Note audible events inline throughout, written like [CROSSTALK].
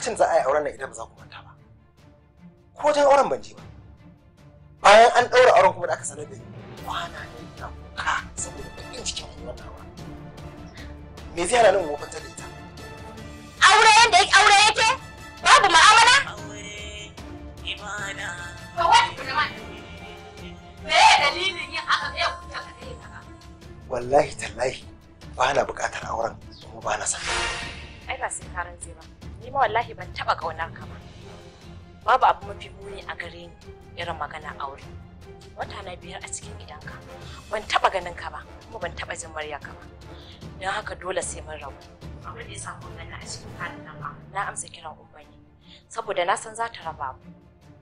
lokacin za a yi auren nan idan ba za ku manta ba ko wajen auren ban je ba bayan an ɗaura auren kuma da aka sanar da ni kwana ne na kuka saboda bakin cikin rayuwar me zai hana nan wofantar da ita aure yadda aure yake babu ma'amala aure ibada ba wani kuma me ya dalilin yin aka tsaye kuta ka tsaye ka wallahi tallahi ba na buƙatar auren kuma ba na san ai ba sai karan zai ba ni ma wallahi ban taba kaunar ka ba babu abu mafi muni a gare ni irin magana aure wata na biyar a cikin gidanka ban taba ganin ka ba kuma ban taba jin murya ka ba don haka dole sai mun rabu abin da ya samu gani a cikin halin nan ba na amsa kiran ubani saboda na san za ta raba mu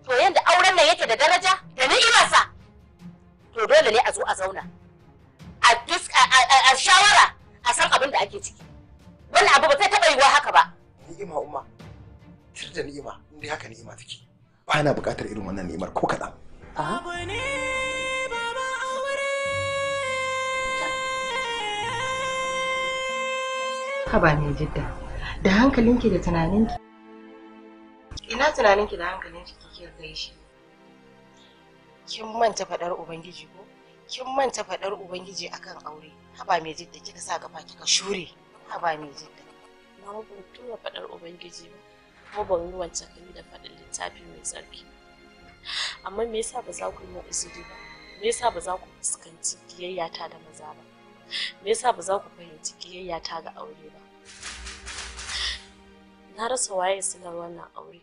to yanda auren nan yake da daraja da sa to dole ne a zo a zauna a shawara a san abin da ake ciki wannan abu ba sai taba yiwuwa haka ba ni'ima umma tir da ni'ima inda haka ni'ima take ba na buƙatar irin wannan ni'imar ko kaɗan haba ne jidda da hankalinki da tunaninki ina tunaninki da hankalinki kike kai shi kin manta faɗar ubangiji ko kin manta faɗar ubangiji akan aure haba mai jidda kika sa gaba kika shure haba mai jidda amma ban tura faɗar ubangiji ba kuma ban yi wancan da faɗin littafi mai tsarki amma me yasa ba za ku yi izini ba me yasa ba za ku fuskanci kiyayyata da maza ba me yasa ba za ku fahimci giyayyata ga aure ba na rasa waye silar wannan aure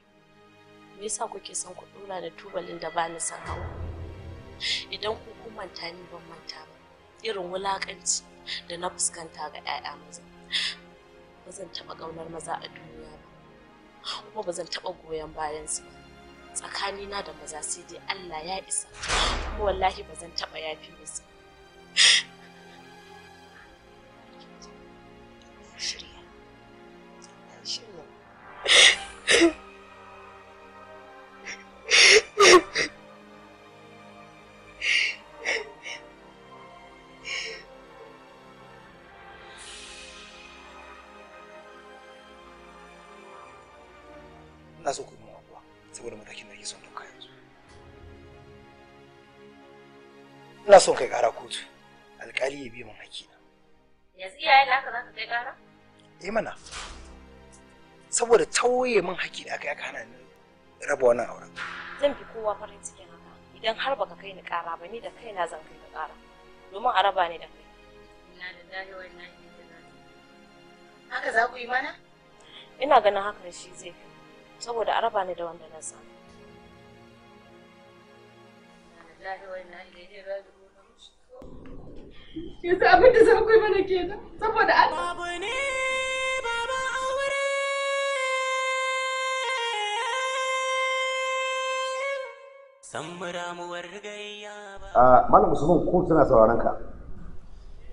me yasa kuke son ku ɗora da tubalin da ba ni san hawa idan ku kun manta ni ban manta ba irin wulakanci da na fuskanta ga 'ya'ya maza ba zan taɓa ƙaunar maza a duniya ba kuma bazan zan taɓa goyon bayan su ba tsakanina da maza sai dai Allah ya isa kuma wallahi bazan zan taɓa yafi musu shirya shirya [LAUGHS] saboda matakin da nake son dauka yanzu ina son kai kara kotu alƙali ya bi min hakina yanzu iyayen naka za ka kai kara yi eh mana saboda tauye min haƙƙi da aka yi aka hana ni raba wannan auren zan fi kowa farin cikin haka idan har baka kai ni ƙara ba ni da kaina zan kai ka ƙara domin a raba ni da kai ina da dahi wannan haka za ku yi mana ina ganin hakan shi zai fi saboda a raba ni da wanda na samu yanzu abin da zan kai mana kenan saboda an babu ne baba aure samuramuwar gayya ba a ah, malam musulman ko tana sauraron ka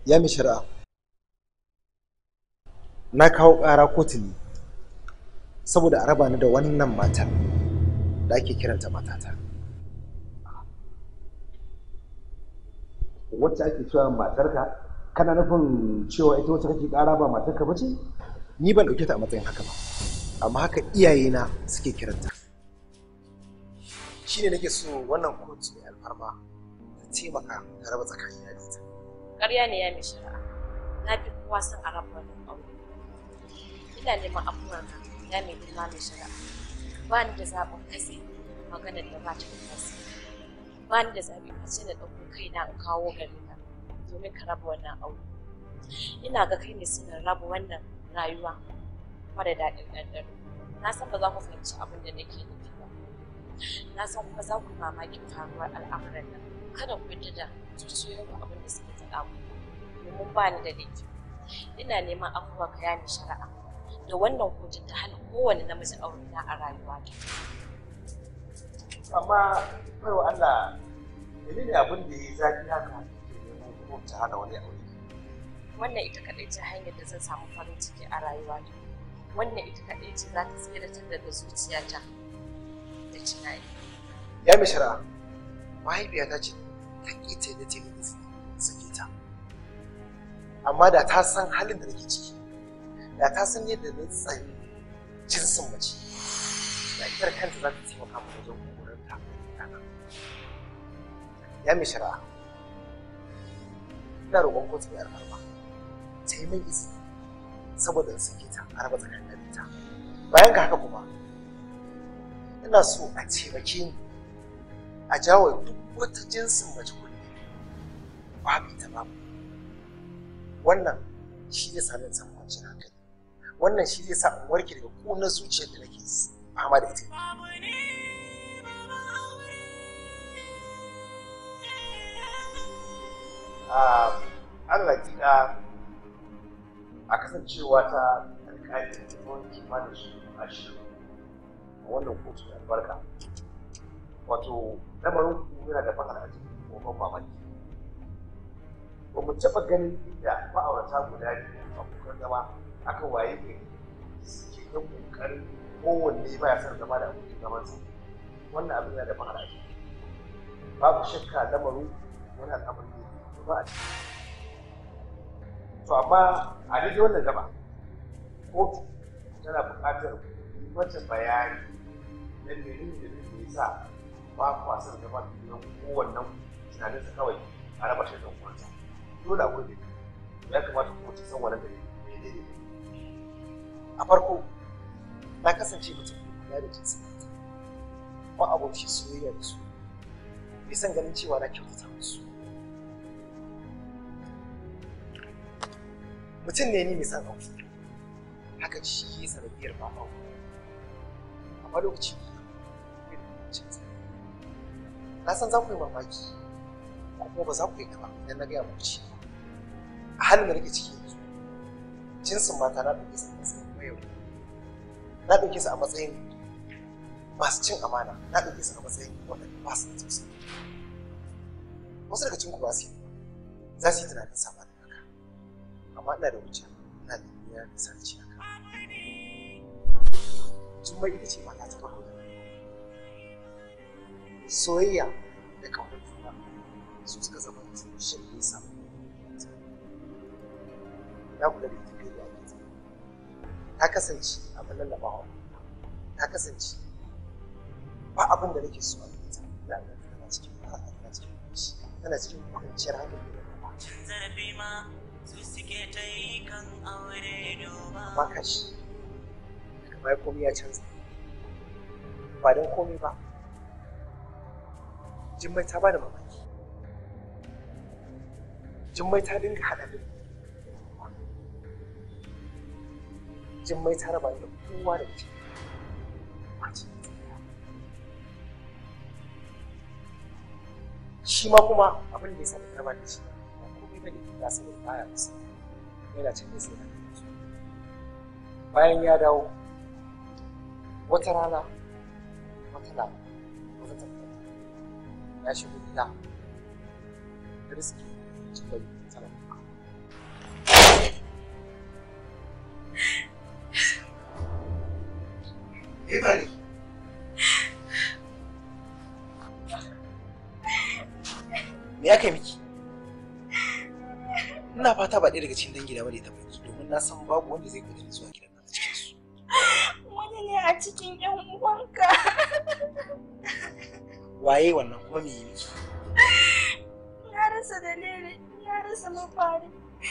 ya mishara. na kawo ƙara kotu ne saboda a raba ni da wannan matar da ake kiranta matata wacce ake cewa matarka kana nufin cewa ita wacce kake kara ba matarka ba ce ni ban dauke ta a matsayin haka ba amma haka iyayena suke kiranta shine nake so wannan kotu mai alfarma ta taimaka ta raba tsakanin iyali ta ƙarya ne ya mai shara'a, na fi kowa son a raba wannan aure ina neman abubuwan ya mai girma mai shari'a ba ni da zaɓin kasi tsaye maganar da ba ta da tasiri ba ni da zaɓin a ce da ɗauko kaina in kawo gare na, domin ka raba wannan aure ina ga kai ne suna raba wannan rayuwa mara daɗin ɗanɗano na san ba za ku fahimci abin da nake nufi ba na san kuma za ku mamaki faruwar al'amuran nan kada ku yarda da zuciyoyinku abin da suke faɗa ku domin ba ni da laifi ina neman abubuwa ka yani shari'a da wannan kotun ta hana kowane namiji aure na a rayuwa ta. Amma kai wa Allah ne abin da ya yi zafi haka ko ta hana wani aure. Wannan ita kaɗai ce hanyar da zan samu farin ciki a rayuwa ta. Wannan ita kaɗai ce za ta tsira ta daga zuciyata da tunani. Ya mai shara, ta ce ta ƙi ta yi da ta yi ta. Amma da ta san halin da nake ciki, da ta san yadda na tsani jinsin mace da ita kanta za ta taimaka mu wajen kokarin ta ya mai shara ina roƙon kotu mai alfarma ta yi min izini saboda suke ta a raba tsakanin ta bayan ga haka kuma ina so a taimake ni a jawo duk wata jinsin mace kulle babu ta babu wannan shi ne sanin samun kwanciyar hankali wannan shi zai sa in warke daga ƙunar zuciyar da nake fama da ita ah, Allah jina a kasancewa ta alƙali ta tsawon kimanin shi shi a wannan kotu da albarka wato lamarin ku yana da fahar a cikin ban mamaki ba mu taɓa ganin inda ma'aurata guda biyu a kukan zama aka waye ne suke yin kokarin kowanne ba ya son zama da abokin zamansa wannan abin yana da ban al'ajabi babu shakka lamarin wani al'amari ne ba a ciki to amma a daidai wannan gaba kotu tana buƙatar mata bayani na menene da da ya sa ba kwa son zama da junan kowannen tunaninsa kawai a raba shi da kwanza dole akwai ne ya kamata ta san wani da ne ne a farko na kasance mutum ne kula da jinsi kuma abokin soyayya da su bai san ganin cewa na kyautata musu mutum ne ni mai san aure haka shi yi sanadiyar ba aure amma lokaci ne da mutuncinsa na san za ku yi mamaki kuma ba za ku yi kama idan na gaya muku a halin da nake ciki yanzu jinsin mata na ɗauke sanarsa ba yau na ɗauke su a matsayin masu cin amana na ɗauke su a matsayin waɗanda ba su da tausayi wasu daga cikin ba su za su yi tunanin sama da haka amma ina da wuce ina da niyyar da sarci haka jummai ita ce mata ta farko soyayya da kawar juna su suka zama tushen nisa na kula da ita ta kasance abin lallabawa ta kasance ba abin da nake so a tana cikin tana cikin tana cikin kwanciyar hankali da ba zarafi ma su suke ta yi kan aure doba ba ka shi kamar komi ya canza ba don komi ba jimmai ta bada mamaki jimmai ta dinga haɗa jin mai ta ba da kowa da ke shi ma kuma abin da ya sami raba da shi ba komai bane ya sani baya su yana can da sai na bayan ya dawo wata rana wata rana wata tabbata ya shigo gida riski cikin tsaron Ibari. Me ya yi miki? Ina fata ba ɗaya daga cikin dangi da bane ta baki domin na san babu wanda zai gudu zuwa gidan nan a cikin su. Wani ne a cikin ƴan uwanka. Waye wannan kuma me yi miki? Na rasa dalili, na rasa mafari.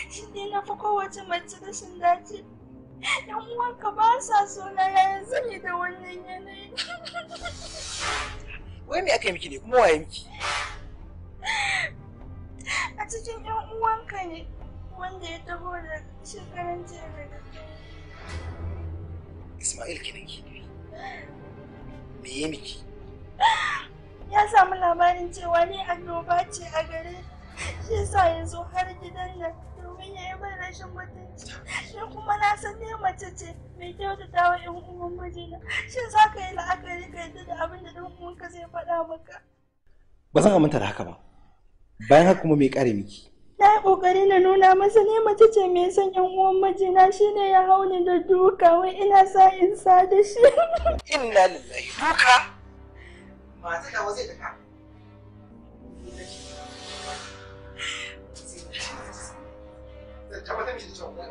Shi ne na fi kowace mace rashin dace. yan uwanka ba sa so na yayin sani da wannan yanayi wai me aka yi miki ne kuma waye miki a cikin yan uwanka ne wanda ya taho da shekaran jiya daga Ismail kenan ki me ya miki ya samu labarin cewa ni annoba ce a gare shi yasa ya zo har gidan nan abin ya yi mai rashin mutunci shi kuma na san ne mace ce mai kyautata wa yan uwan mijina shin za ka yi la'akari ka yadda da abin da ɗan uwanka zai faɗa maka ba zan aminta da haka ba bayan haka kuma me kare miki na yi ƙoƙari na nuna masa ne mace ce mai son yan uwan mijina shine ya hau ni da duka wai ina sa in sa da shi inna lillahi duka ma ta kawo zai duka 잡아당기시죠. 네,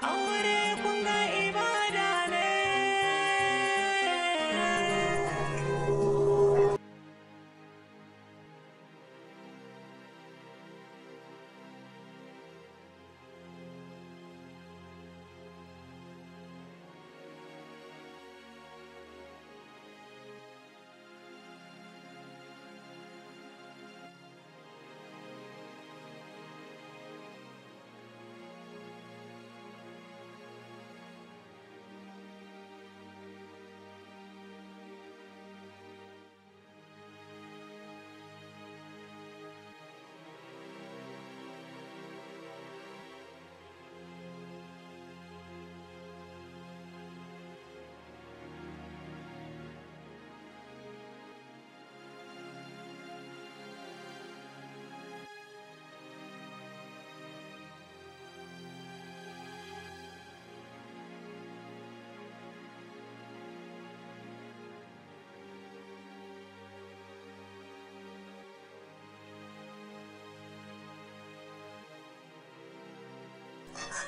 ahora.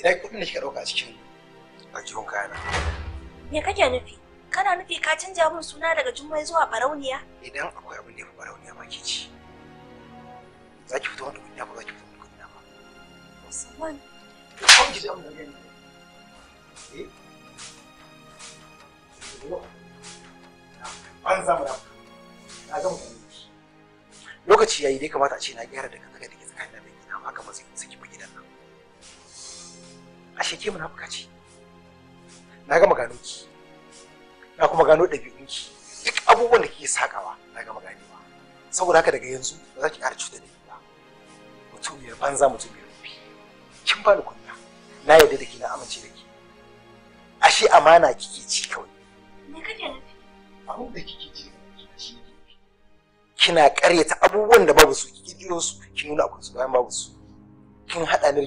Idan kudin da kika ɗauka a cikin ajihun kayana. Me kake nufi? Kana nufi ka canja min suna daga Jummai zuwa Barauniya? Idan akwai abin da ya fi Barauniya ma ke ci. Za ki fito wanda kuɗina ba za ki fito wanda kuɗina ba. Usman. Ka kawo ki zama da gani. Eh? An zama da. Na gama da Lokaci yayi dai kamata a ce na gyara daga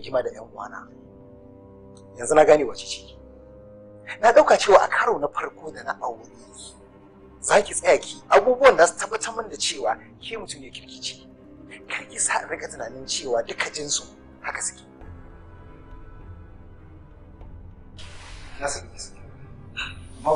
da da yan uwana yanzu na gane wace ce na dauka cewa a karo na farko da na aure za ki tsaya ki abubuwan da su tabbatar min da cewa ke mutum ne kirkici kar ki sa rika tunanin cewa duka jinsu haka suke na su ma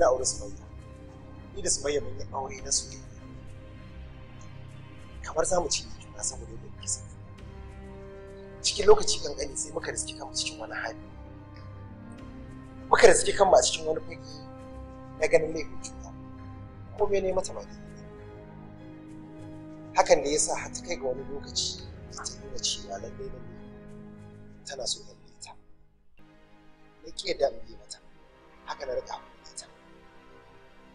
na aure sumayya ni da su sumayya mun yi aure na soyayya kamar za mu ci juna saboda yadda muke son cikin lokaci kankani sai muka riski kanmu cikin wani hali muka riski kanmu a cikin wani fage na ganin laifin juna ko ne mata ba hakan ne yasa har ta kai ga wani lokaci ta nuna cewa lalle ne tana so ta ta na ƙi da mata haka na rika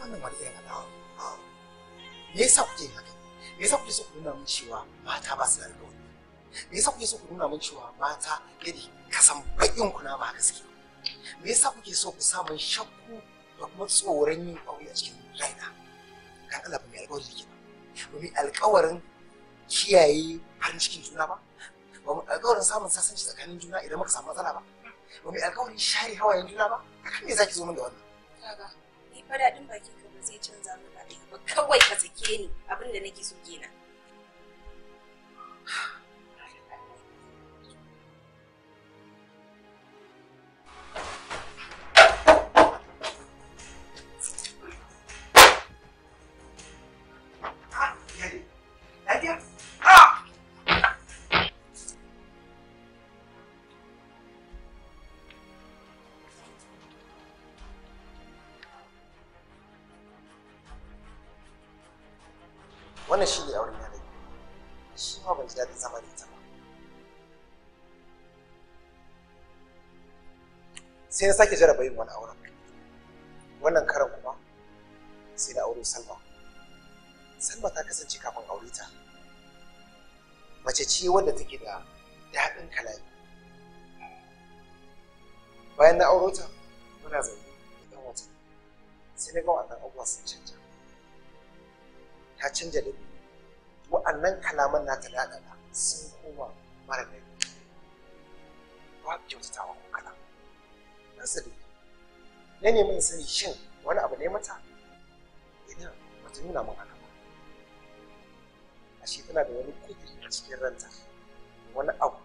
wannan wani irin alawa me yasa kuke yin haka so ku nuna min cewa mata ba su da alƙawari me yasa kuke so ku nuna min cewa mata yadda kasan bakin ku na ba gaske me kuke so ku samun shakku da kuma tsoron yin ƙauye a cikin raina kan Allah ba mai alƙawari ke alƙawarin kiyaye farin cikin juna ba ba alƙawarin samun sasanci tsakanin juna idan muka samu matsala ba ba alƙawarin share hawayen juna ba akan me zaki zo min da wannan fadaɗin daɗin bakin ka ba zai canza min ba kawai ka sake ni abin da nake so kenan wannan shi ne auren yanar shi ma ban ji daɗin zama da ita ba sai na sake jaraba yin wani auren wannan karan kuma sai na auren salma salma ta kasance kafin aure ta mace ce wadda take da daɗin kalayi bayan na auren ta muna zaune da ɗan wata sai na gawa ɗan abubuwa sun canja ta canja da biyu wannan kalaman na ta aka sun koma mara da ba kyautatawa ko kalam na sadi na mun sani shin wani abu ne mata idan wata nuna mun haka ba ashe tana da wani kudiri a cikin ranta wani abu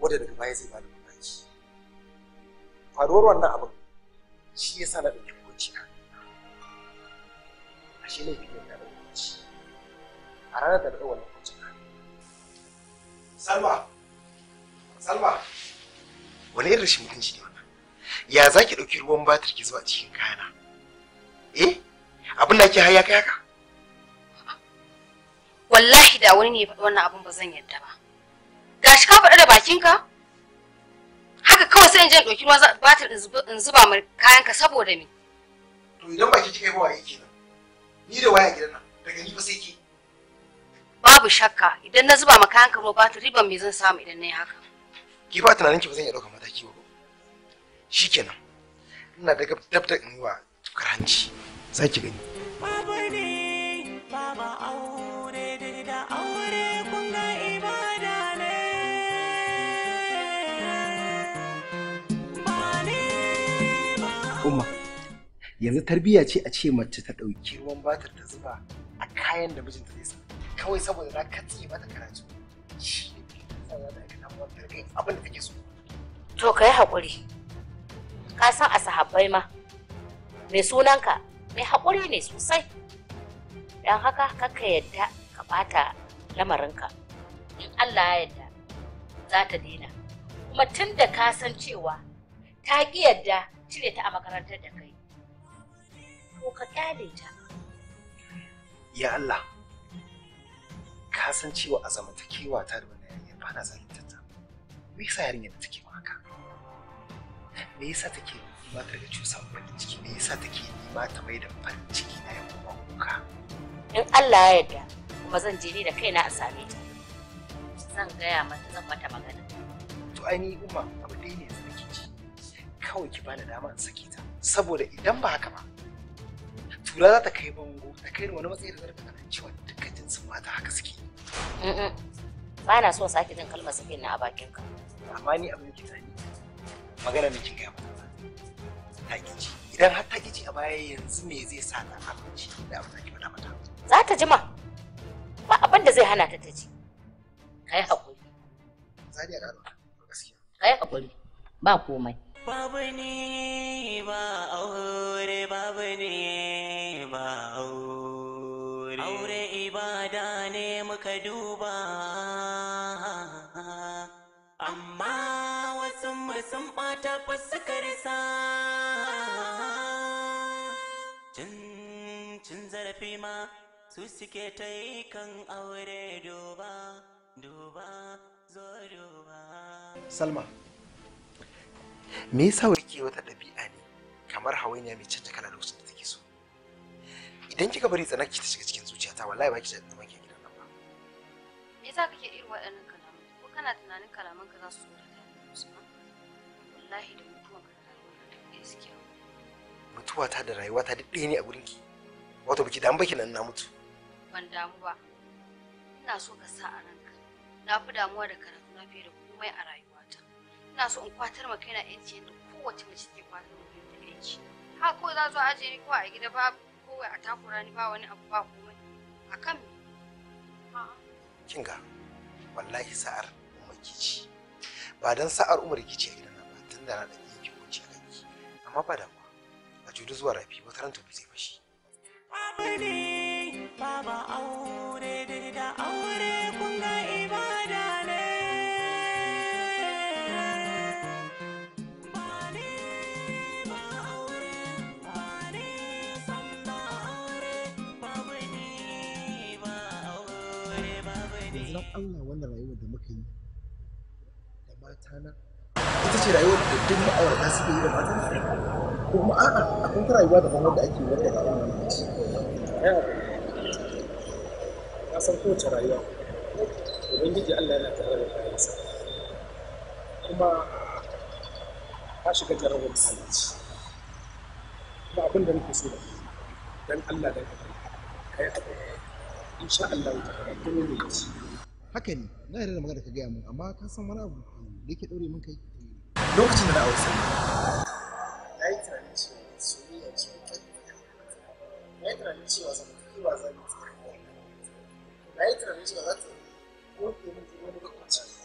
wanda daga baya zai bani mamaki faruwar wannan abin shi yasa na ɗauki hukunci na ashe laifi ne na ɗauki a ranar da ɗaukar wannan hukuncin salma salma wani irin rashin mutunci ne wannan ya za ki ɗauki ruwan batir ki zuwa cikin kayana eh abin da ke haya kai haka wallahi da wani ne ya faɗi wannan abin ba zan yadda ba gashi ka faɗa da bakinka haka kawai sai in je in ɗauki ruwan batir in zuba mai kayanka saboda me to idan baki kika yi ba yake nan? ni da waya gidan nan daga ni fa sai ke babu shakka idan na zuba maka kayan ba ta riba me zan samu idan na yi haka ki ba tunanin ki ba zan iya ɗaukar mataki ba shikenan ina da dab da in yi wa tukar hanci za ki gani babu ne aure umma yanzu tarbiyya ce a ce mace ta ɗauki ruwan batar ta zuba a kayan da mijinta zai sa kawai saboda na katse mata karatu shi ne ke da wata aikata wata tarkai abin da kake so to kai haƙuri ka san a sahabbai ma mai sunanka mai haƙuri ne sosai don haka kaka yadda ka bata lamarinka in Allah ya yadda za ta daina kuma tun da ka san cewa ta ƙi yadda cire ta a makarantar da kai to ka ƙyale ta ya Allah ka san cewa a zamantakewa ta da wannan yarinyar ba na zalunta me yasa yarinyar da take maka me yasa take nima ta ga cusa farin ciki me yasa take nima ta mai da farin ciki na yau kuma kuka in Allah ya yarda kuma zan je ni da kaina a same ta zan gaya mata zan mata magana to ai ni umma abu dai ne zan ki ci kawai ki bani dama in sake ta saboda idan ba haka ba tura za ta kai bango ta kai wani matsayi da zarafin cewa duka sun mata haka suke Ba na so sake jin kalmar sakin na a bakin ka. Amma ni abin ki tani Magana ne cikin ga ba. Ta kici. Idan har ta kici a baya yanzu me zai sa na abinci da abin da ki faɗa mata? Za ta jima. Ba abin da zai hana ta ta ji. Kai hakuri. Za ya gano gaskiya. Kai hakuri. Ba komai. Babu ba aure babu ne cin zarafi ma su suke ta yi kan aure duba duba zo duba salma me yasa wake wata ɗabi'a ne kamar hawainiya mai canja kala lokacin da take so idan kika bari ki ta shiga cikin zuciyata wallahi ba ki da zaman ke gidan nan ba me yasa kake irin waɗannan kalaman ko kana tunanin kalaman ka za su zo wallahi da mutuwa ka rayuwa duk ɗaya a mutuwa ta da rayuwa ta duk ɗaya ne a gurin ki wato biki damu baki nan na mutu ban damu ba ina so ka sa a ranka na fi damuwa da karatu na fiye da komai a rayuwata ina so in kwatar ma kaina yanci yadda kowace mace ke kwatar ma kaina yanci ha ko za zo aje ni ko a gida ba kowai a takura ni ba wani abu ba komai akan me kinga wallahi sa'ar umar kici ba dan sa'ar umar kici da na ɗan yi kuci a kanki amma ba damuwa a judu zuwa rafi wata ran tafi zai fashi. Aure baba aure da aure kun ga ibada ne. Allah wannan rayuwar da muka yi da matana ita ce rayuwar duk ma'aurata suke yi da matan su ko kuma a'a akwai ta rayuwa daban wanda ake wanda da aure ne Ya na san kowace rayuwa ubangiji Allah yana tare da kayansa kuma ka shiga jarabar halicci kuma abin da muke so da dan Allah da kai insha Allah ta kuma ne haka ne na yarda da magana ka gaya mun amma ka san wani abu da yake daure min kai lokacin na aure salma na yi tunanin zan yi za ta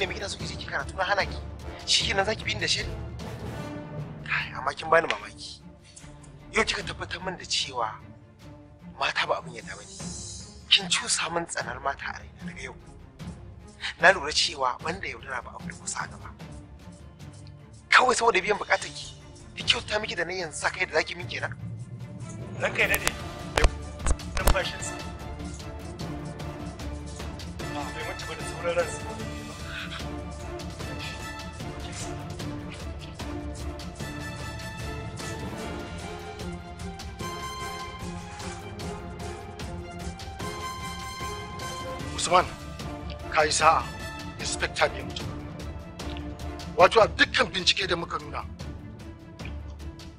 ne mai gida suke ki karatu na hana ki shi kenan zaki bi ni da shi? kai amma kin bani mamaki yau kika tabbatar min da cewa mata ba abin yadda bane kin cusa min tsanar mata a raina daga yau na lura cewa wanda ya yaudara ba abu da kusa gaba kawai saboda biyan bukatar ki duk kyauta miki da na yanzu kai da zaki min kenan nan kai dade numfashinsa ba ah, bai mutu ba da sauran ransa usman ka yi sa'a inspector bai mutu wato a dukkan bincike da muka nuna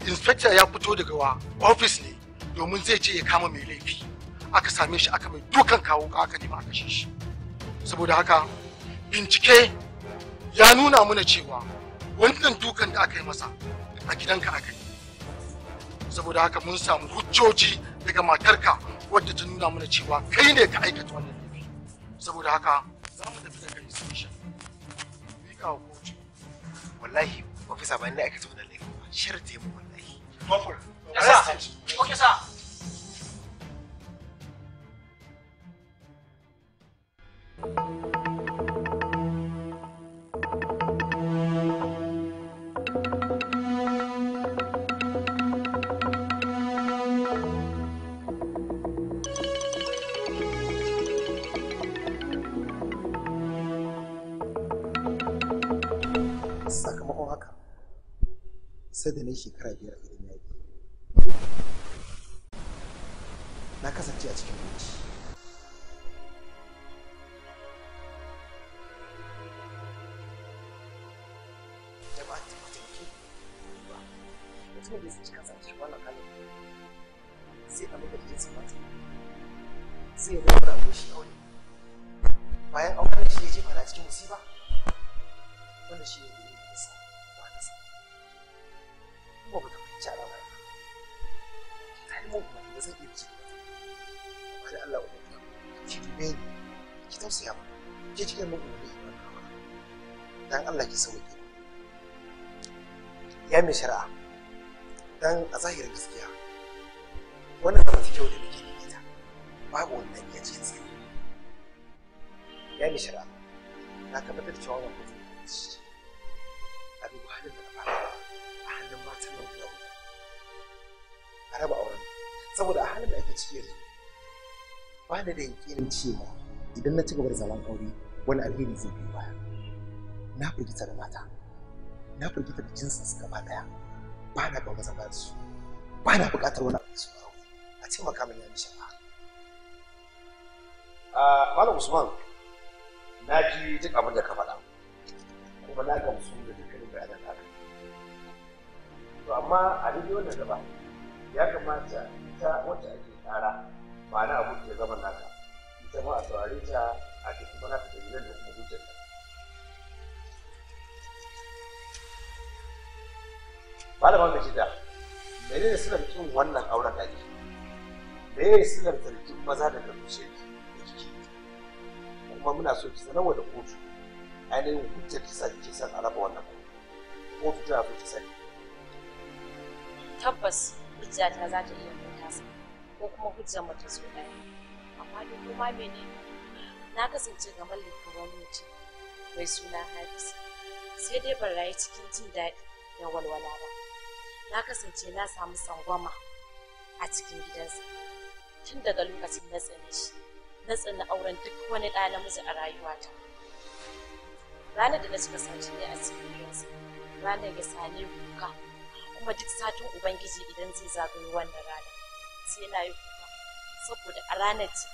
inspector ya fito daga wa office ne domin zai je ya kama mai laifi aka same shi aka mai dukan kawo ka aka nema aka shi saboda haka bincike ya nuna mana cewa wannan dukan da aka yi masa a gidanka aka yi saboda haka mun samu hujjoji daga matarka wadda ta nuna mana cewa kai ne ka aikata wannan saboda haka za mu tafi daga station mika wa kotu wallahi ofisa ba inda aka tafi da laifin ba sharti mu wallahi kofar ok sir thank you 一起开一个。saboda a halin da ake ciki yanzu ba da da yakinin cewa idan na ci gaba da zaman aure wani alheri zai biyo baya na firgita da mata na firgita da jinsin su gaba daya ba na ba maza ba su ba na buƙatar wani abu su aure a ce makamin ya mishi ba Malam Usman na ji duk abin da ka faɗa kuma na gamsu da dukkanin bayanan da aka to amma a duk wannan gaba ya kamata ita wacce ake kara ba na abu da zama naka ita ma a saurare ta a cikin mana ta dalilan da kuma hujjar ta malama mai shida ne silar kin wannan auren da ake da ne silar zargin maza da kushe da kike kuma muna so ki sanarwa da kotu ainihin hujjar kisa kike kisan a raba wannan kotu ta so ki sani tabbas hujjata za ta iya ko kuma hujjar mata su ɗaya amma dai kuma mene na kasance ga mallakin wani mutum mai suna hafiz sai dai ban rayu cikin jin daɗi da walwala ba na kasance na samu sangwama a cikin gidansa tun daga lokacin na tsane shi na tsane auren duk wani ɗa namiji a rayuwata ranar da na cika sace ne a cikin gidansa ranar ya sani kuka kuma duk satin ubangiji idan zai zagayo wannan rana sai yana yi kuka saboda a ranar ce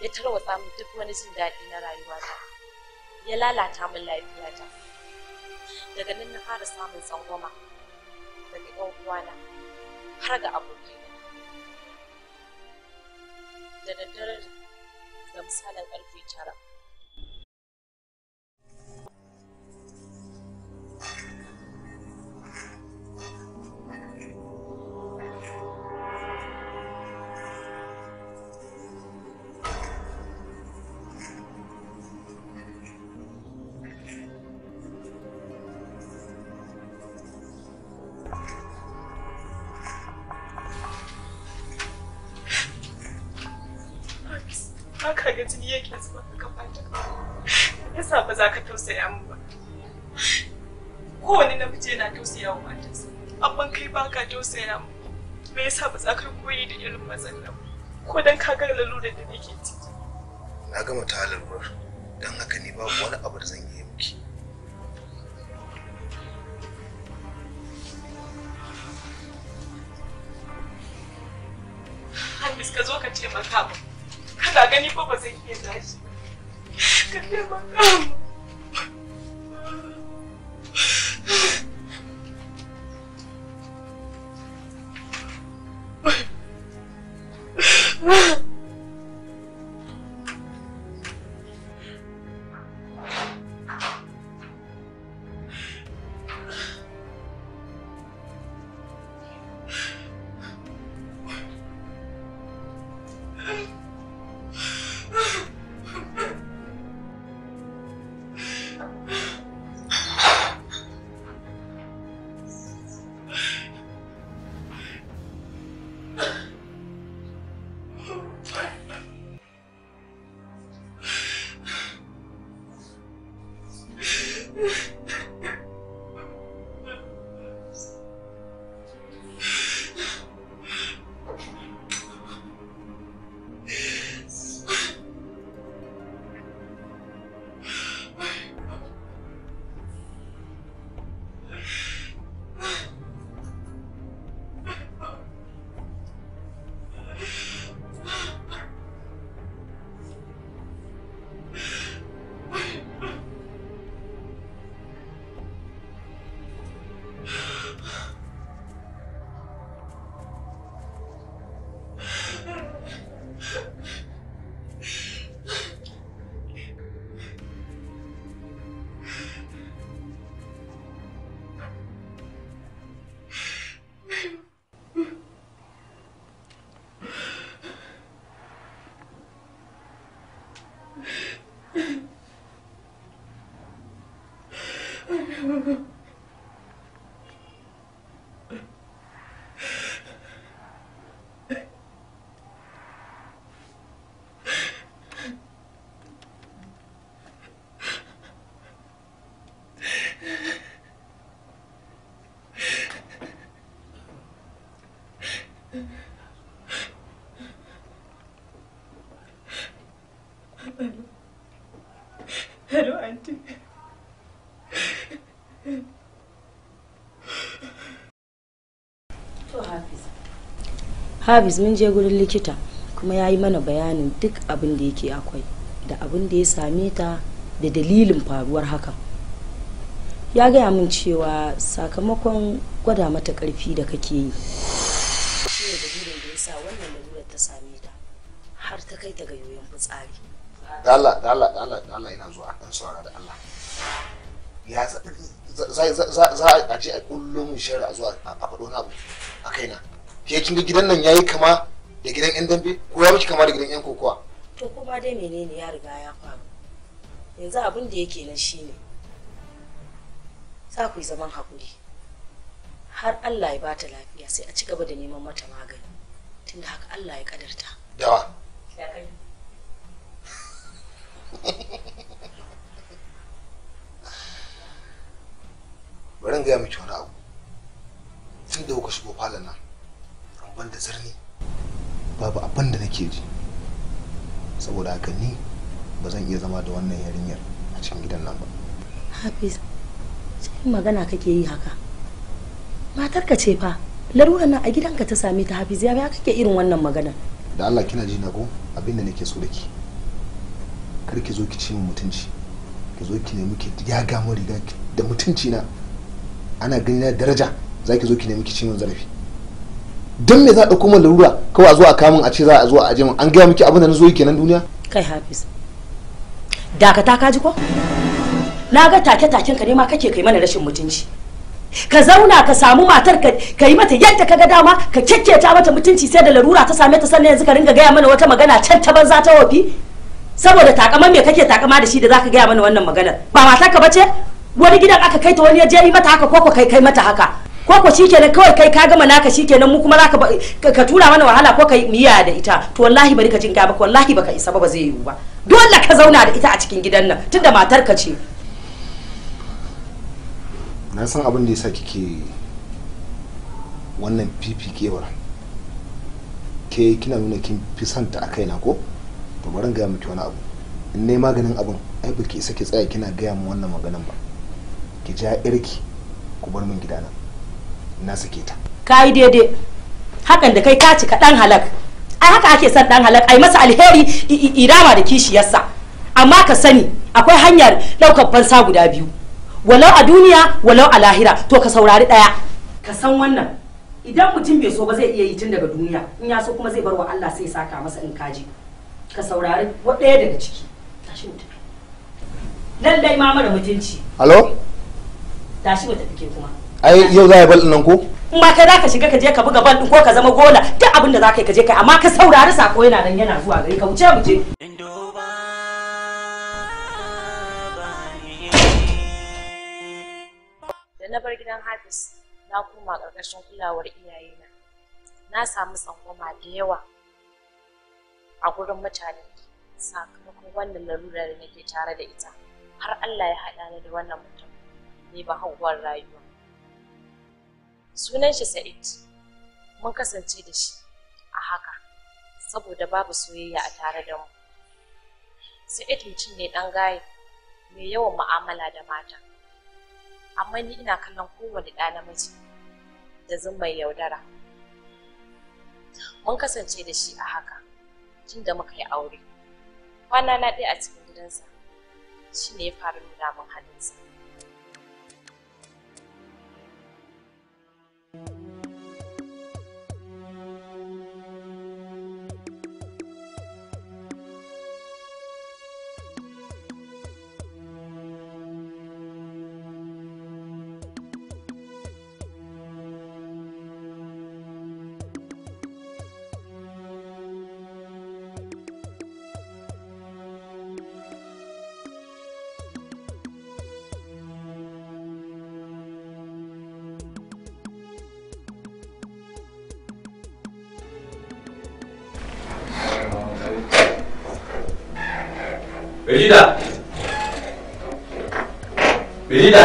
ya tarwatsa min duk wani jin daɗi na rayuwata ya lalata min lafiyata daga nan na fara samun tsangwama daga ɗan uwana har ga abokai da daddare da misalin ƙarfe tara ga jini yake zuba a kafanta yasa ba za ka tausaya mu ba kowane namiji yana tausaya wa matarsa amma kai ba ka tausaya mu me yasa ba za ka koyi da irin mazan nan ko dan ka ga lalurar da nake ciki na gama ta lalurar don haka ne babu wani abu da zan Mm-hmm. [LAUGHS] harvis mun je gurin likita kuma ya yi mana bayanin duk abin da yake akwai da abin da ya same ta da dalilin faruwar hakan ya gaya min cewa sakamakon gwada mata karfi da kake yi shi ne dalilin da ya sa wannan lalurar ta same ta har ta kai ta ga yoyon fitsari Allah Allah Allah Allah ina zuwa dan saurara da Allah ya za a je a kullum shari'a zuwa a faɗo na abu a kaina kin ga gidan nan yayi kama da gidan yan dambe ko ya miki kama da gidan yan kokowa to kuma dai menene ya riga ya faru yanzu abin da yake nan shine za ku yi zaman hakuri har Allah ya bata lafiya sai a ci gaba da neman mata magani tunda haka Allah ya kadarta dawa da kai bari in gaya miki wani abu tun da kuka shigo falon nan banda zarni babu abin da nake ji saboda haka ni ba zan iya zama da wannan yarinyar a cikin gidan nan ba hafiz sai magana kake yi haka matar ka ce fa larurar nan a gidanka ta same ta hafiz ya kake irin wannan magana da Allah kina ji na ko abin da nake so da ki kar ki zo ki ci mutunci ki zo ki nemi ki ya gamo riga da mutunci na ana gani daraja zaki zo ki nemi ki ci min zarafi don me za a ɗauko larura kawai a zuwa kamun a ce za a zuwa a jima an gaya miki abin da na zo yi kenan duniya kai hafiz dakata ka ji ko na ga take taken ka ne ma kake kai mana rashin mutunci ka zauna ka samu matar ka yi mata yadda ka ga dama ka kyakketa mata mutunci sai da larura ta same ta sannan yanzu ka ringa gaya mana wata magana can ta banza ta wofi saboda takaman me kake takama da shi da zaka gaya mana wannan maganar ba matar ka bace wani gidan aka kai ta wani ya je yi mata haka ko kai kai mata haka ko ko shikenan kawai kai ka gama naka shikenan mu kuma zaka ka tura mana wahala ko kai miya da ita to wallahi bari ka jinga baka wallahi baka isa ba ba zai yiwu ba dole ka zauna da ita a cikin gidan nan tunda matar ka ce na san abin da yasa kike wannan fifikewar ke kina nuna kin fi santa a kaina ko to bari ga miki wani abu in ne maganin abin ai ba ki isa ki tsaya kina gaya mu wannan maganan ba ki ja irki ku bar min gidana na sake ta kai daidai hakan da kai ka cika ɗan halak ai haka ake son ɗan halak ai masa alheri irama da kishiyarsa amma ka sani akwai hanyar ɗaukar fansa guda biyu walau a duniya walau a lahira to ka saurari ɗaya. ka san wannan idan mutum bai so ba zai iya yi tun daga duniya in ya so kuma zai bar wa Allah sai saka masa in kaji ka saurari ɗaya daga ciki tashi lallai ma mara mutunci Halo? tashi mu tafi ke kuma ai yau za a bal nan ko in ma kai zaka shiga ka je ka buga bal ko ka zama gola duk abin da zaka yi ka je kai amma ka saurari sako yana nan yana zuwa gari ka wuce wuce. da na bar gidan Hafiz na koma karkashin kulawar iyayena na samu tsangwama da yawa a gurin mutane sakamakon wannan larura da nake tare da ita har Allah ya haɗa ni da wannan mutum ne ba hauwar rayuwa sunan shi sa'id mun kasance da shi a haka saboda babu soyayya a tare da mu sa'id mutum ne ɗan gaye mai yawan mu'amala da mata amma ni ina kallon kowane ɗa namiji da mai yaudara mun kasance da shi a haka tun da muka yi aure kwana na ɗaya a cikin gidansa shi ne ya fara nuna min halinsa Medida. Medida.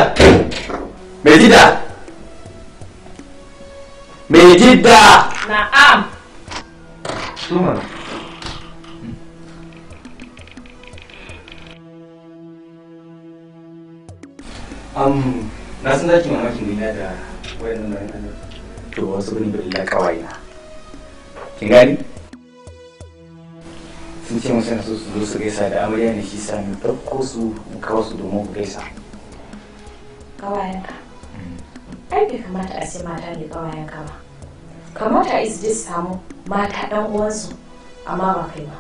Medida. Medida. Naam. Lu Am, Um, na san zaki mamakin gina da wayannan bayanan. To wasu bin billahi kawai na. Kin gani? sun ce mun suna su zo su gaisa da amarya ne shi sa mu ɗauko su mu kawo su domin ku gaisa kawayenka ai bai kamata a ce mata ne kawayenka ba kamata a isi samu mata ɗan uwansu amma ba kai ba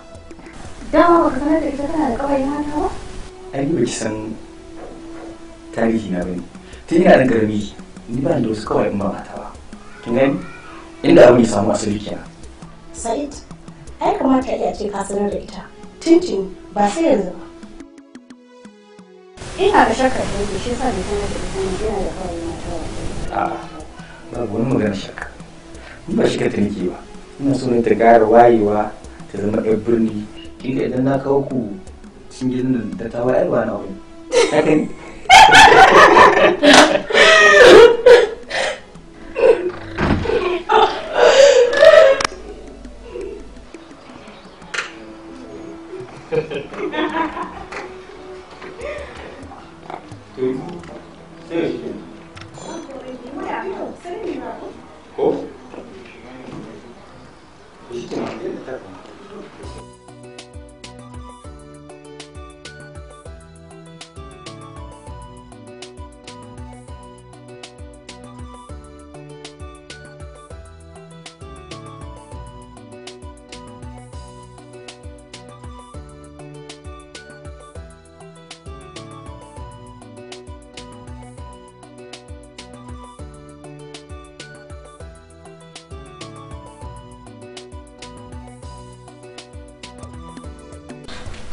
dama ba ka sanar da ita tana da kawayen mata ba ai ni ba ki san tarihi na bane tun ina da garmi ni ba da wasu kawayen ba mata ba kin gani inda abin ya samu asali kenan sa'id ai kamata iya ce ka sanar da ita tuntun ba sai yanzu ba ina da shakka da yake shi sa da sanar da ita ne yana da kawai mata a'a babu wani magana shakka mun ba shi ka nake ba ina so ta gara wayewa ta zama ɗan birni inda idan na kawo ku cikin gidan da ta wayar ba na wani haka ne [LAUGHS]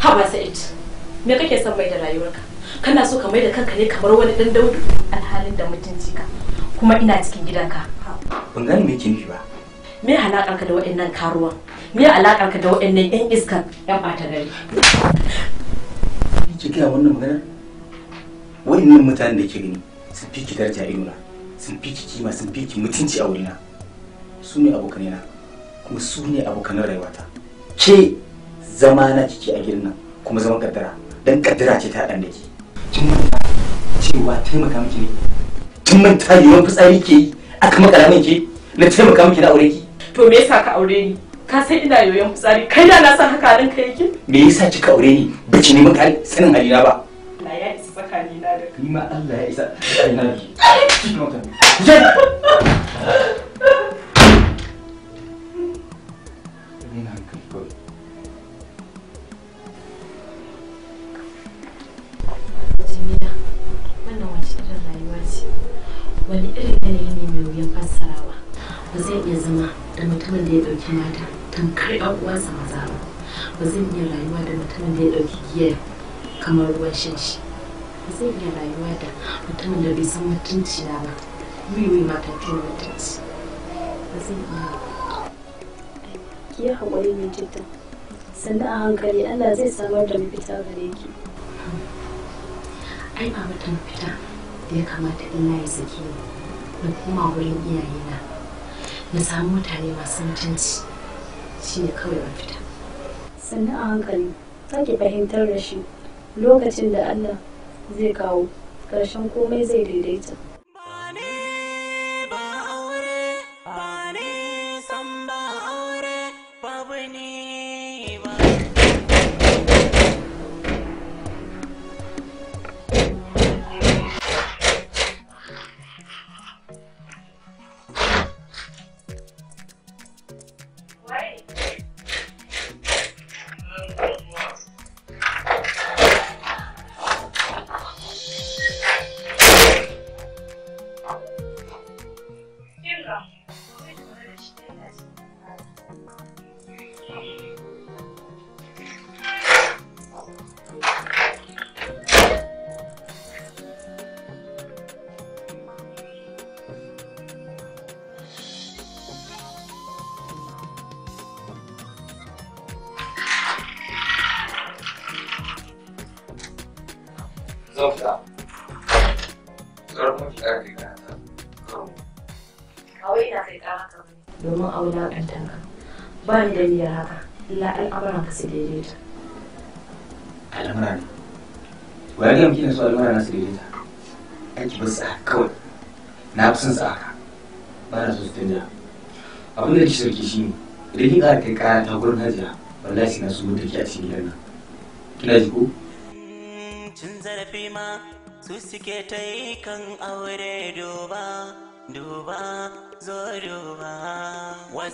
ha ba sa'id me kake son mai da rayuwarka kana so ka mai da kanka ne kamar wani dan daudu alhalin da mutunci ka kuma ina cikin gidanka ban gani me yake nufi ba me halakar ka da waɗannan karuwan me alakar ka da waɗannan yan iskan yan bata gari ki ga wannan magana waɗannan mutanen da ke gani sun fi ki daraja idona sun fi ki kima sun fi ki mutunci a wurina su ne abokanina kuma su ne abokanan rayuwata ke zama na jiki a gidan nan kuma zaman kaddara dan kaddara ce ta dan dake kin manta cewa taimaka miki ne ta yi wani fitsari ke yi aka makala ramin ke na taimaka miki na aure ki to me yasa ka aure ni ka san ina yoyon fitsari kai da na san haka ran ka yake me yasa kika aure ni ba ne maka sanin halina ba na ya isa tsakani na da ni ma Allah ya isa tsakanina da ki ki kuma wani irin yanayi ne mai wuyan fassarawa ba zai iya zama da mutumin da ya ɗauki mata tamkar yan uwansa maza ba ba zai iya rayuwa da mutumin da ya ɗauki giya kamar ruwan shan shi ba zai iya rayuwa da mutumin da bai san mutunci na ba wiwi mata fi mutunci ba zai iya ki yi haƙuri mai jita sannan a hankali Allah zai samar da mafita gare ki ai ba mutum fita da ya kamata in yi ni na kuma wurin iyayena na samu mutane masu mutunci shi ne kawai fita. sannan a hankali sake fahimtar da shi lokacin da allah zai kawo ƙarshen komai zai daidaita ni da niyyar haka illa al'amuran ka su daidaita ne wani na su daidaita aiki ba su kawai na fi son su haka ba na so su canja abin da ki sarki shi ne idan kin kai ƙara ta gurin hajiya wallahi na su mutu ki a cikin gidan nan kina ji ko cin zarafi ma su suke ta yi kan aure duba duba zo duba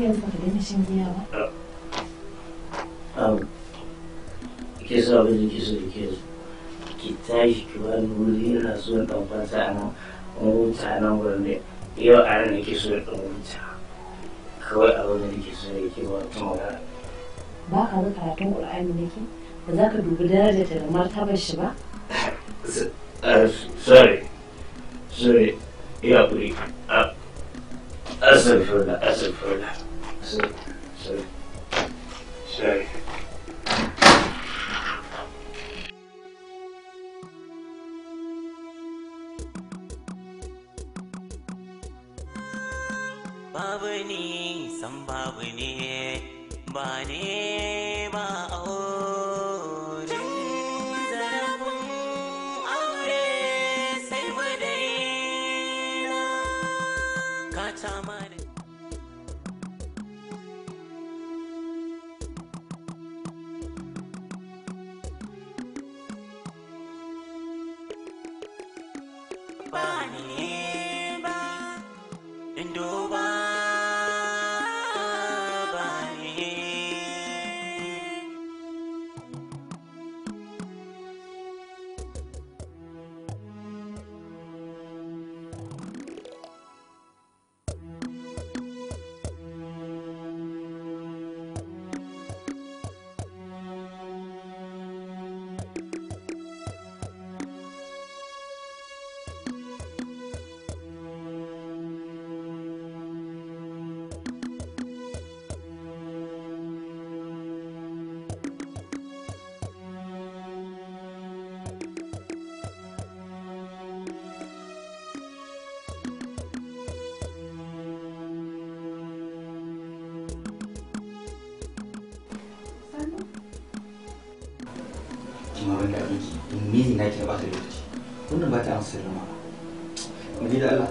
Uh, um, yanzu baka daina abin da ke so da ke so ki tashi ki ba ni wuri ina so in ɗan a nan wuta a nan wurin da yau a nan da ke so da ɗan huta kawai abin da ke so da ke wata ta ba ka ga karatun ƙur'ani nake ba za ka dubi daraja darajar da martabar shi ba sorry sorry ya kuri asafirla asafirla Yes. ma ban da abinki me ne na ke ba ta lokaci wannan ba ta amsa sallama ba mu da Allah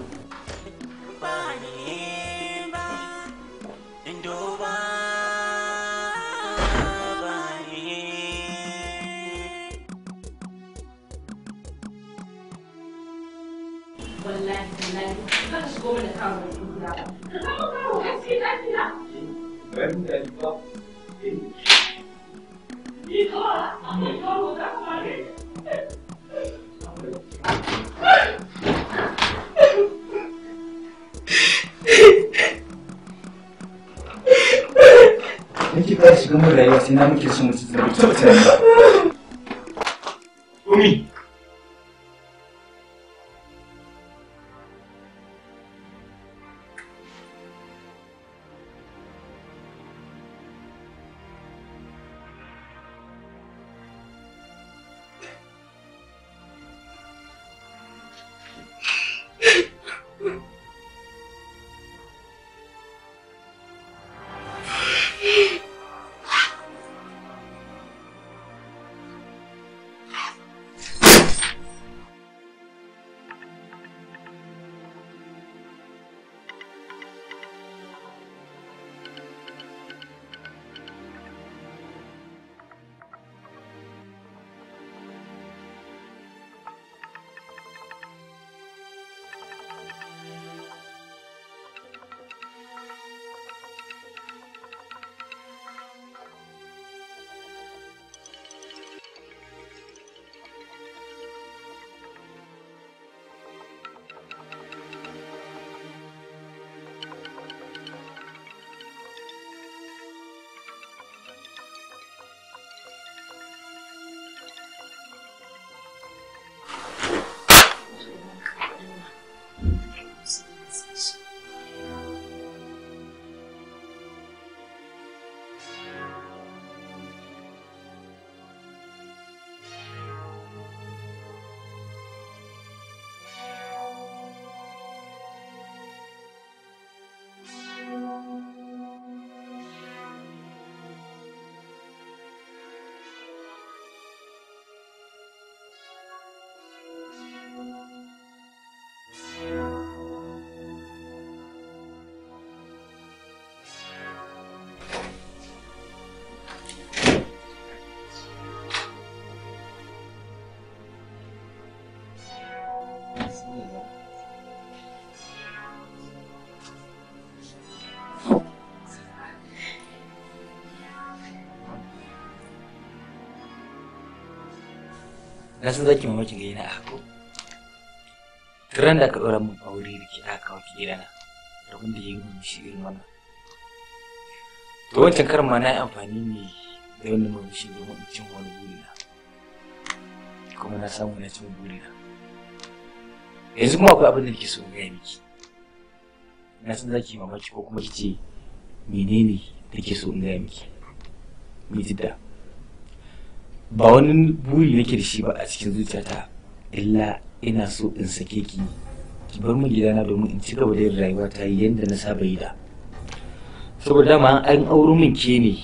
na san zaki mamaki gani na ako turan da ka ɗora min aure da ke aka kawo ki gidana rabin da ya yi irin wannan to wancan karin ma na yi amfani ne da wannan shi da mun cin wani burina kuma na samu na cin burina yanzu kuma akwai abin da ke so gaya miki na san zaki mamaki ko kuma kici ce menene da ke so in gaya miki mai jidda ba wani buri nake da shi ba a cikin zuciyata illa ina so in sake ki ki bar min gidana domin in ci gaba da yin rayuwa ta yadda na saba yi da saboda ma an auro min ke ne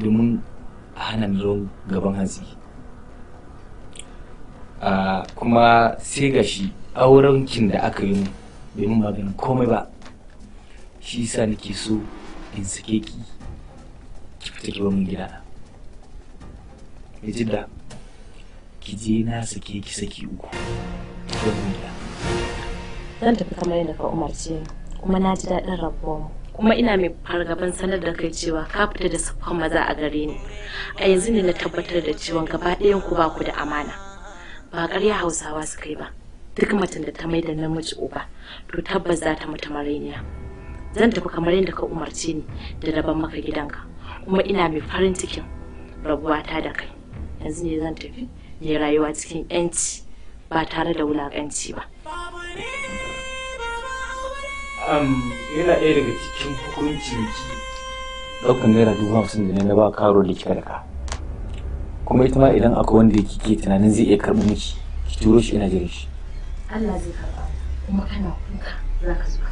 domin a hana zuwan gaban hatsi kuma sai ga shi auren da aka yi domin maganin komai ba shi yasa nake so in sake ki ki fita ki bar min gidana ya jidda ki je na sake ki saki uku zan tafi kamar yadda ka umarce kuma na ji daɗin rabuwa kuma ina mai fargaban sanar da kai cewa ka fita da siffan maza a gare ni a yanzu ne na tabbatar da cewa gaba ɗayan ku ba ku da amana ba ƙarya hausawa su kai ba duk mutum da ta mai da namiji uba to tabbas za ta mutu mareniya zan tafi kamar yadda ka umarce ni da rabon maka gidanka kuma ina mai farin cikin rabuwata da kai yanzu ne zan tafi ne rayuwa cikin yanci ba tare da wulakanci ba yana ɗaya daga cikin hukuncin ki ɗaukan naira dubu hamsin da ne na ba karo da kika da ka kuma ita ma idan akwai wanda ya kike tunanin zai iya karɓi miki ki turo shi ina jirin shi Allah zai karɓa kuma kana kuka za ka zo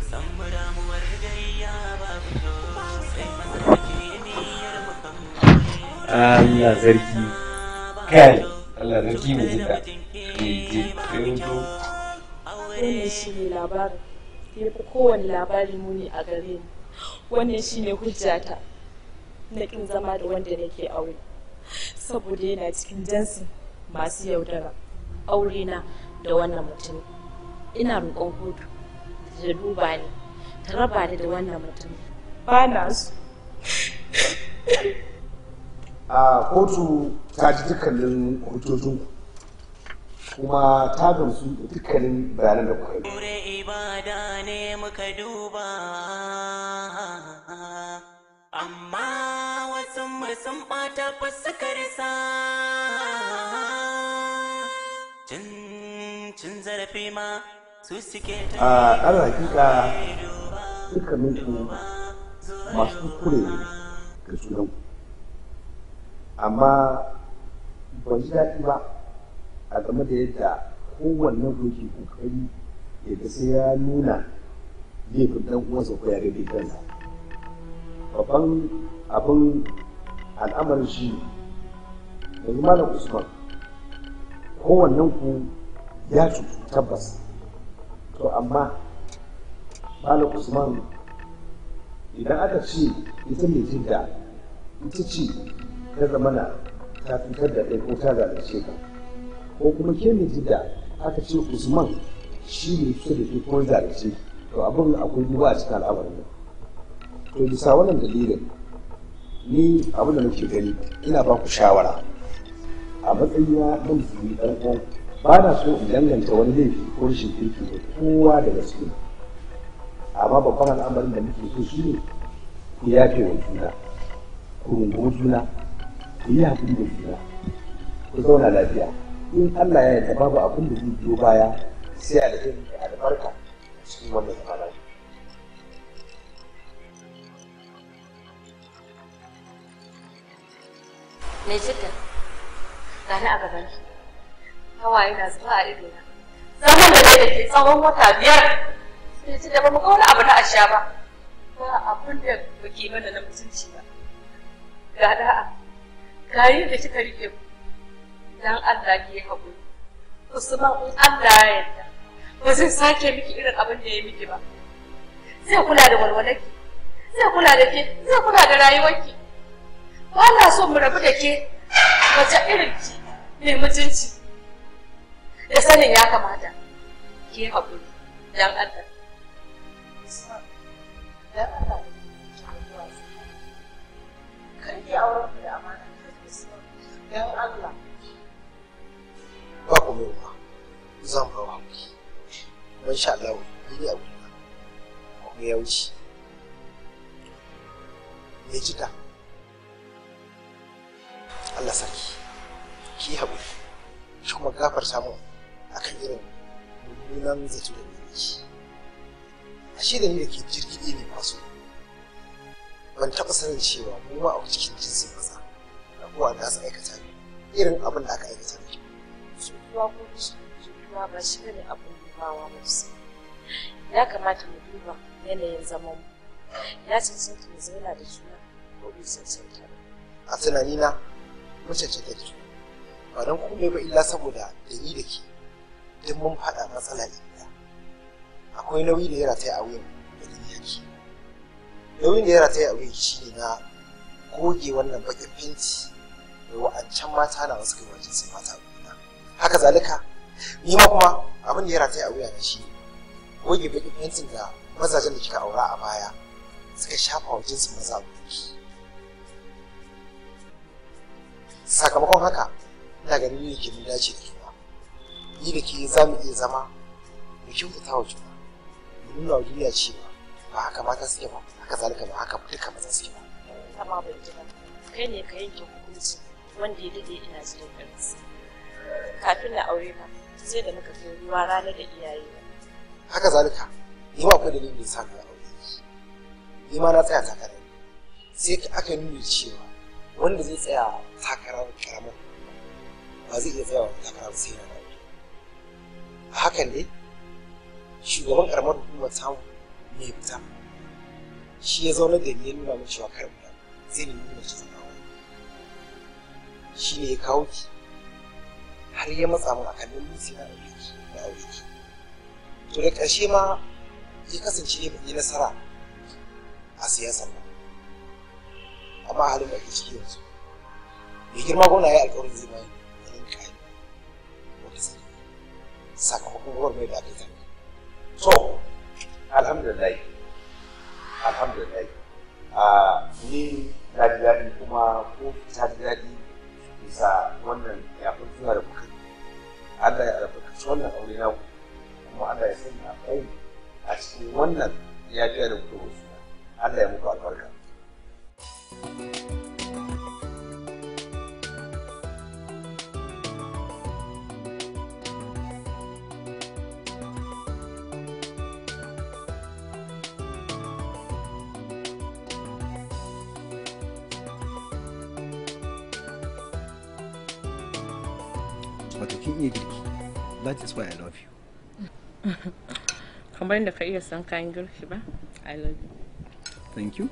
Allah sarki kai Allah da kimi jika wannan shi ne labarin ya fi kowane labari muni a gare ni wannan shi ne hujjata na ƙin zama da wanda nake aure saboda yana cikin jansin masu yaudara aure na da wannan mutum ina roƙon hudu da duba ni ta raba ni da wannan mutum ba na so a kotu ta ji dukkanin hujjojin kuma ta gamsu da dukkanin bayanan da kuka yi. ibada ne muka duba amma wasu sun bata fa suka cin zarafi ma su suke ta hakika dukkanin masu kure da junanku amma ban ji daɗi ba a game da yadda kowanne yake kokari yadda sai ya nuna fi dan uwansa ko ya daidai kansa babban abin al'amarin shi yanzu malam usman kowannen ku ya cutu tabbas to amma malam usman idan aka ce ita mai jidda ita ce ta zamana ta fitar da ɗaya ko ta zalunce ka ko kuma ke ne aka ce usman shi ne fitar da ke ko zalunce to abin akwai duba a cikin al'amarin nan to bisa wannan dalilin ni abin da nake gani ina ba ku shawara a matsayina na musulmi ɗan uwan ba na so in danganta wani laifi ko rashin kirki da kowa da gaske amma babban al'amarin da muke so shi ne ku yafe wa juna ku rungumi juna ku yi abin da juna ku zauna lafiya in Allah ya yarda babu abin da zai biyo baya sai alheri da albarka cikin wannan zama Mai da ni a gaban shi hawaye na zuba a ido na. Zaman da da ke tsawon wata biyar, sai ci da ba mu wani abu na asha ba. Ba abin da ba ke mana na mutunci ba. Ga da'a, garin da kika rike ku dan Allah ki yi haƙuri Usman in Allah ya yarda ba zai sake miki irin abin da ya miki ba zai kula da walwalarki zai kula da ke zai kula da rayuwarki ba na so mu rabu da ke mace irin ki mai mutunci da sanin ya kamata ki yi haƙuri dan Allah dan Allah ki haƙuri kar ki aure dan Allah ba ku mai ba zan ba wa ku ban sha Allah ni ne abu kuma ya wuce me kika Allah sarki ki haƙuri ki kuma gafarta mu akan irin mummunan zato da nake ashe da ni da ke jirgi ne masu ban taɓa sanin cewa mu ma a cikin jinsin maza abubuwa da za su aikata irin abin da aka aikata da cutuwa ko cutuwa ba shi ne abin da ba su ya kamata mu duba yanayin zaman mu ya cancanta mu zauna da juna ko bai cancanta a tunanina mu cancanta da juna ba don komai ba illa saboda da ni da ke don mun faɗa matsala ita. akwai nauyi da ya rataya a wuyan da ni nauyin da ya rataya a wuyan shi ne na goge wannan baƙin fenti da wa'ancan mata na wasu kai wajen sai mata na haka zalika ni ma kuma abin da ya rataya a wuya na shi goge bakin yancin da mazajen da kika aura a baya suka shafa wa jinsin maza a sakamakon haka ina ganin yi ke mun dace da juna ni da ke za mu iya zama mu kyautata wa juna mu nuna wa duniya cewa ba haka mata suke ba haka zalika ba haka duka maza suke ba. Kama ban kai ne ka yanke hukunci wanda ya dade ina jiran ɗansa kafin na aure ma sai da muka kai ruwa rana da iyaye haka zalika ni ma akwai dalilin da sa ka aure ni ma na tsaya takara sai aka nuna cewa wanda zai tsaya takarar karamar ba zai iya tsayawa takarar sai na aure a hakan ne shugaban karamar hukumar ta mai fita shi ya zauna da ni ya nuna mu cewa kar zai nuna shi zama shi ne ya kawo ki har ya matsa min akan nan sai na aure ki na aure ki to da ƙarshe ma ya kasance ne bai yi nasara a siyasa ba amma halin da ke ciki yanzu mai girma gwamna ya alƙawarin zai bayan ganin kayan wanda sani sakamakon mai da aka yi tarbi so alhamdulillah alhamdulillah ah, ni na ji daɗi kuma ko ta ji daɗi bisa wannan yafin suna da kuka Allah ya albarkaci wannan aure na ku kuma Allah ya sanya kai a cikin wannan yafiya da kuka Allah ya muku albarka. thank you that is why I love you. Kamar da ka iya son kayan girki ba, I love you. Thank you.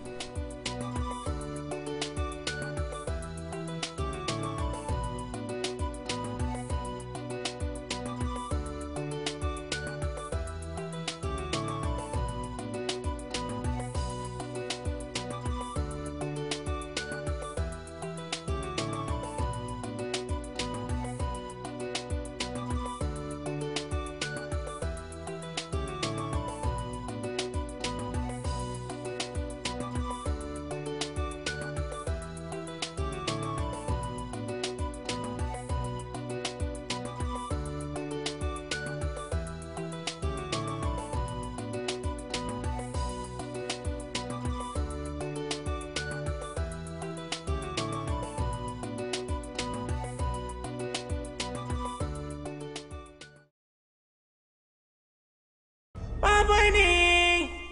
bane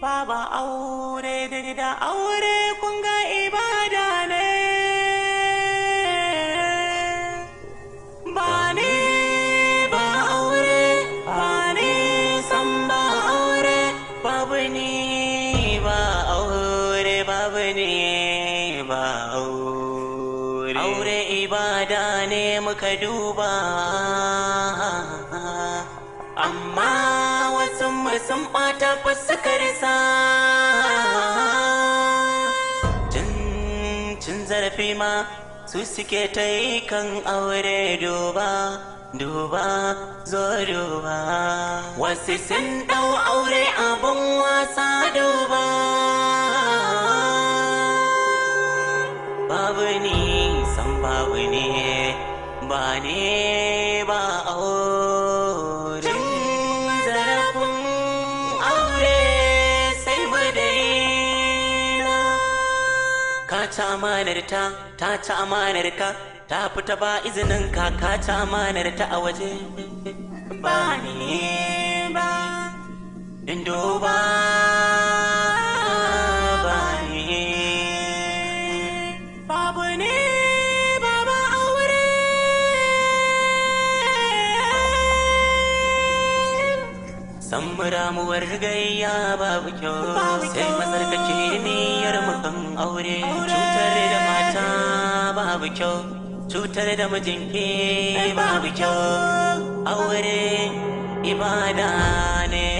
ba ba aure da aure ko wasu suka cin zarafi ma su suke ta yi kan aure duba duba zo duba wasu sun dau aure abin wasa duba babu ni san babu ne ba ne amanar ta ta ci amanar ka ta fita ba izinin ka ka ci amanar ta a waje ba ni ba in san muramuwar gayya babu kyau sai mazarkake niyyar mukan aure cutar da mata babu kyau cutar da mijinki eh, babu kyau aure ibada ne